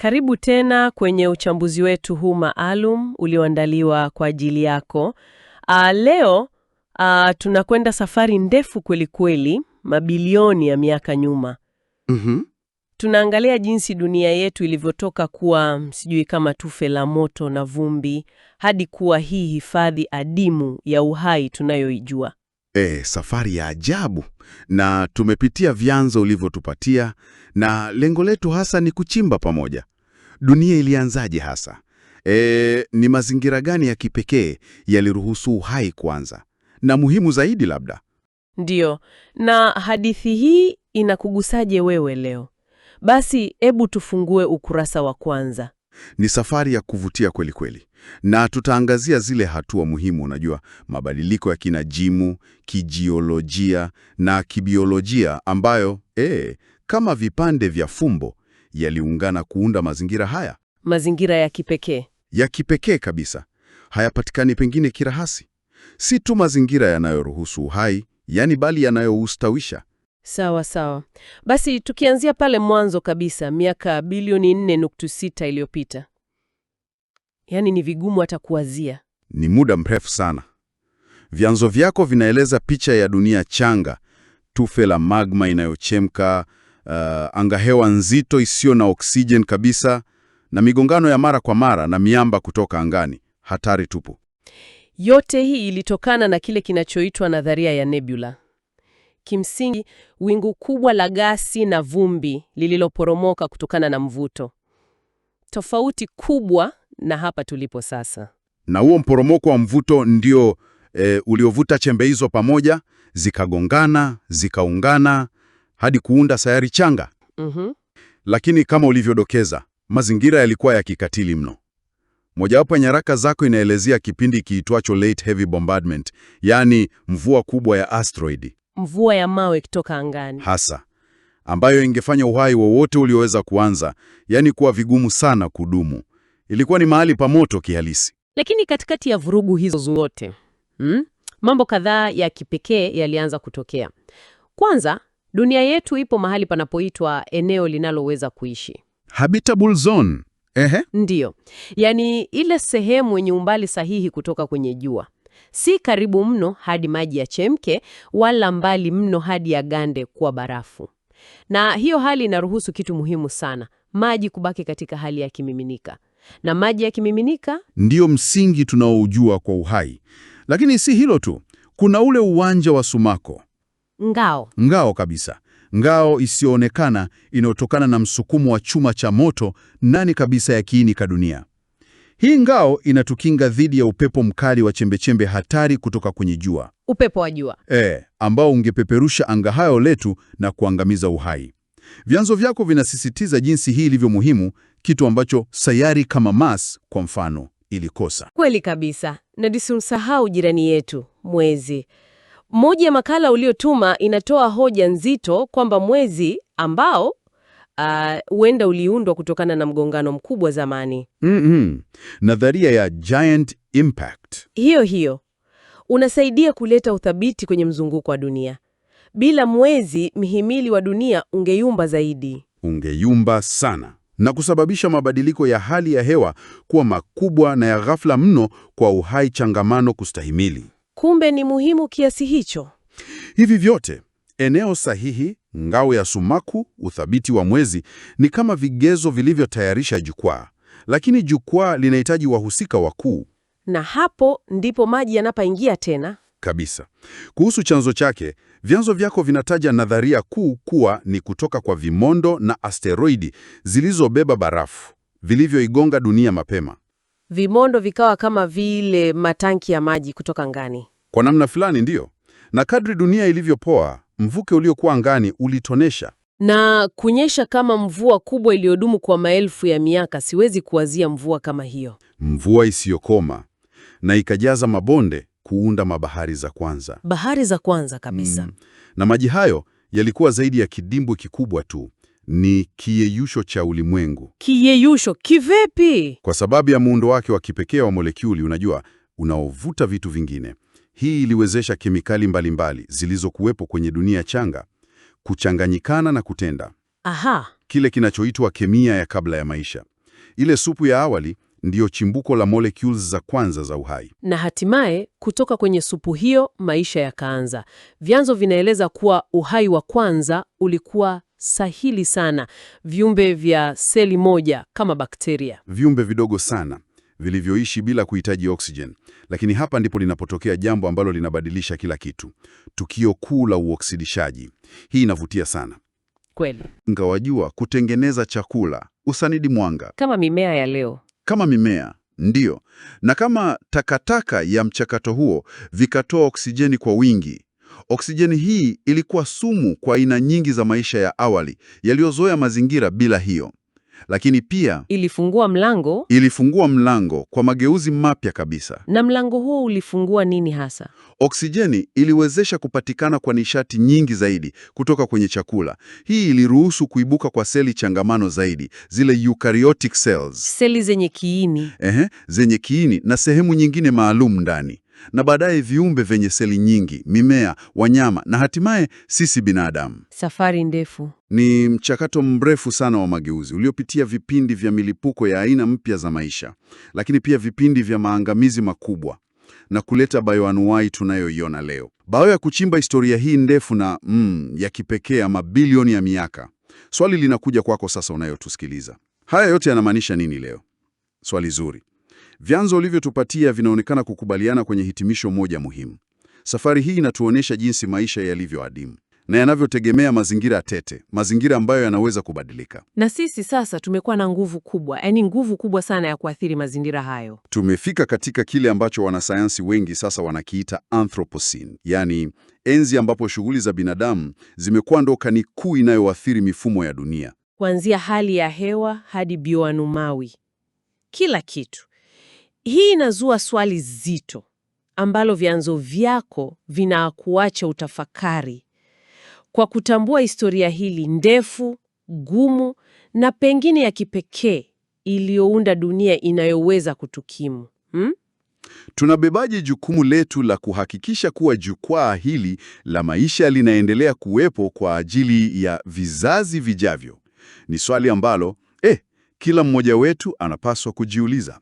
Karibu tena kwenye uchambuzi wetu huu maalum ulioandaliwa kwa ajili yako. A, ah, leo a, ah, tunakwenda safari ndefu kweli kweli, mabilioni ya miaka nyuma. -hmm. Tunaangalia jinsi dunia yetu ilivyotoka kuwa sijui kama tufe la moto na vumbi hadi kuwa hii hifadhi adimu ya uhai tunayoijua. E, safari ya ajabu na tumepitia vyanzo ulivyotupatia, na lengo letu hasa ni kuchimba pamoja dunia ilianzaje hasa? E, ni mazingira gani ya kipekee yaliruhusu uhai kuanza? Na muhimu zaidi labda ndiyo, na hadithi hii inakugusaje wewe leo? Basi hebu tufungue ukurasa wa kwanza. Ni safari ya kuvutia kweli kweli, na tutaangazia zile hatua muhimu. Unajua, mabadiliko ya kinajimu, kijiolojia na kibiolojia ambayo e, kama vipande vya fumbo yaliungana kuunda mazingira haya, mazingira ya kipekee, ya kipekee kabisa, hayapatikani pengine kirahasi Si tu mazingira yanayoruhusu uhai, yani, bali yanayoustawisha. Sawa sawa. Basi tukianzia pale mwanzo kabisa, miaka bilioni 4.6 iliyopita, yaani ni vigumu hata kuwazia, ni muda mrefu sana. Vyanzo vyako vinaeleza picha ya dunia changa, tufe la magma inayochemka, uh, angahewa nzito isiyo na oksijeni kabisa, na migongano ya mara kwa mara na miamba kutoka angani. Hatari tupu. Yote hii ilitokana na kile kinachoitwa nadharia ya nebula. Kimsingi, wingu kubwa la gasi na vumbi lililoporomoka kutokana na mvuto. Tofauti kubwa na hapa tulipo sasa. Na huo mporomoko wa mvuto ndio e, uliovuta chembe hizo pamoja, zikagongana, zikaungana, hadi kuunda sayari changa. Mm -hmm. Lakini kama ulivyodokeza, mazingira yalikuwa ya kikatili mno. Mojawapo ya nyaraka zako inaelezea kipindi kiitwacho late heavy bombardment, yaani mvua kubwa ya asteroid, mvua ya mawe kutoka angani hasa, ambayo ingefanya uhai wowote ulioweza kuanza, yaani kuwa vigumu sana kudumu. Ilikuwa ni mahali pa moto kihalisi. Lakini katikati ya vurugu hizo zote, hmm, mambo kadhaa ya kipekee yalianza kutokea. Kwanza, Dunia yetu ipo mahali panapoitwa eneo linaloweza kuishi, habitable zone. Ehe, ndiyo, yaani ile sehemu yenye umbali sahihi kutoka kwenye jua, si karibu mno hadi maji yachemke, wala mbali mno hadi yagande kuwa barafu. Na hiyo hali inaruhusu kitu muhimu sana, maji kubaki katika hali ya kimiminika, na maji ya kimiminika ndiyo msingi tunaoujua kwa uhai. Lakini si hilo tu, kuna ule uwanja wa Sumako ngao, ngao kabisa, ngao isiyoonekana inayotokana na msukumo wa chuma cha moto nani kabisa ya kiini ka dunia. Hii ngao inatukinga dhidi ya upepo mkali wa chembechembe -chembe hatari kutoka kwenye jua, upepo wa jua eh, ambao ungepeperusha anga hayo letu na kuangamiza uhai. Vyanzo vyako vinasisitiza jinsi hii ilivyo muhimu, kitu ambacho sayari kama Mars kwa mfano ilikosa. Kweli kabisa, na tusimsahau jirani yetu mwezi. Moja ya makala uliotuma inatoa hoja nzito kwamba mwezi ambao uh, huenda uh, uliundwa kutokana na mgongano mkubwa zamani. Mm -hmm. Nadharia ya giant impact. Hiyo hiyo. Unasaidia kuleta uthabiti kwenye mzunguko wa dunia. Bila mwezi, mhimili wa dunia ungeyumba zaidi. Ungeyumba sana na kusababisha mabadiliko ya hali ya hewa kuwa makubwa na ya ghafla mno kwa uhai changamano kustahimili. Kumbe ni muhimu kiasi hicho. Hivi vyote, eneo sahihi, ngao ya sumaku, uthabiti wa mwezi, ni kama vigezo vilivyotayarisha jukwaa, lakini jukwaa linahitaji wahusika wakuu, na hapo ndipo maji yanapaingia tena kabisa. Kuhusu chanzo chake, vyanzo vyako vinataja nadharia kuu kuwa ni kutoka kwa vimondo na asteroidi zilizobeba barafu vilivyoigonga dunia mapema vimondo vikawa kama vile matanki ya maji kutoka ngani Kwa namna fulani ndiyo, na kadri dunia ilivyopoa, mvuke uliokuwa ngani ulitonesha na kunyesha kama mvua kubwa iliyodumu kwa maelfu ya miaka. Siwezi kuwazia mvua kama hiyo, mvua isiyokoma, na ikajaza mabonde kuunda mabahari za kwanza, bahari za kwanza kabisa. Mm. Na maji hayo yalikuwa zaidi ya kidimbwi kikubwa tu, ni kiyeyusho cha ulimwengu. Kiyeyusho kivipi? Kwa sababu ya muundo wake wa kipekee wa molekuli, unajua, unaovuta vitu vingine. Hii iliwezesha kemikali mbalimbali zilizokuwepo kwenye dunia changa kuchanganyikana na kutenda aha, kile kinachoitwa kemia ya kabla ya maisha. Ile supu ya awali ndiyo chimbuko la molecules za kwanza za uhai, na hatimaye kutoka kwenye supu hiyo maisha yakaanza. Vyanzo vinaeleza kuwa uhai wa kwanza ulikuwa sahili sana, viumbe vya seli moja kama bakteria, viumbe vidogo sana vilivyoishi bila kuhitaji oksijen Lakini hapa ndipo linapotokea jambo ambalo linabadilisha kila kitu, tukio kuu la uoksidishaji. Hii inavutia sana kweli. Ngawajua kutengeneza chakula, usanidi mwanga, kama mimea ya leo, kama mimea ndiyo, na kama takataka ya mchakato huo vikatoa oksijeni kwa wingi Oksijeni hii ilikuwa sumu kwa aina nyingi za maisha ya awali yaliyozoea mazingira bila hiyo, lakini pia ilifungua mlango ilifungua mlango kwa mageuzi mapya kabisa. Na mlango huo ulifungua nini hasa? Oksijeni iliwezesha kupatikana kwa nishati nyingi zaidi kutoka kwenye chakula. Hii iliruhusu kuibuka kwa seli changamano zaidi, zile eukaryotic cells, seli zenye kiini, ehe, zenye kiini na sehemu nyingine maalum ndani na baadaye viumbe vyenye seli nyingi, mimea, wanyama na hatimaye sisi binadamu. Safari ndefu. Ni mchakato mrefu sana wa mageuzi uliopitia vipindi vya milipuko ya aina mpya za maisha, lakini pia vipindi vya maangamizi makubwa na kuleta bayoanuai tunayoiona leo. bao ya kuchimba historia hii ndefu na mm, ya kipekee ya mabilioni ya miaka, swali linakuja kwako sasa unayotusikiliza. Haya yote yanamaanisha nini leo? Swali zuri. Vyanzo ulivyotupatia vinaonekana kukubaliana kwenye hitimisho moja muhimu. Safari hii inatuonyesha jinsi maisha yalivyo adimu na yanavyotegemea mazingira tete, mazingira ambayo yanaweza kubadilika. Na sisi sasa tumekuwa na nguvu kubwa, yaani nguvu kubwa sana ya kuathiri mazingira hayo. Tumefika katika kile ambacho wanasayansi wengi sasa wanakiita Anthropocene, yaani enzi ambapo shughuli za binadamu zimekuwa ndo kani kuu inayoathiri mifumo ya dunia, kuanzia hali ya hewa hadi bioanumawi, kila kitu. Hii inazua swali zito ambalo vyanzo vyako vinakuacha utafakari. Kwa kutambua historia hili ndefu, gumu na pengine ya kipekee iliyounda dunia inayoweza kutukimu hmm? Tunabebaje jukumu letu la kuhakikisha kuwa jukwaa hili la maisha linaendelea kuwepo kwa ajili ya vizazi vijavyo? Ni swali ambalo eh, kila mmoja wetu anapaswa kujiuliza.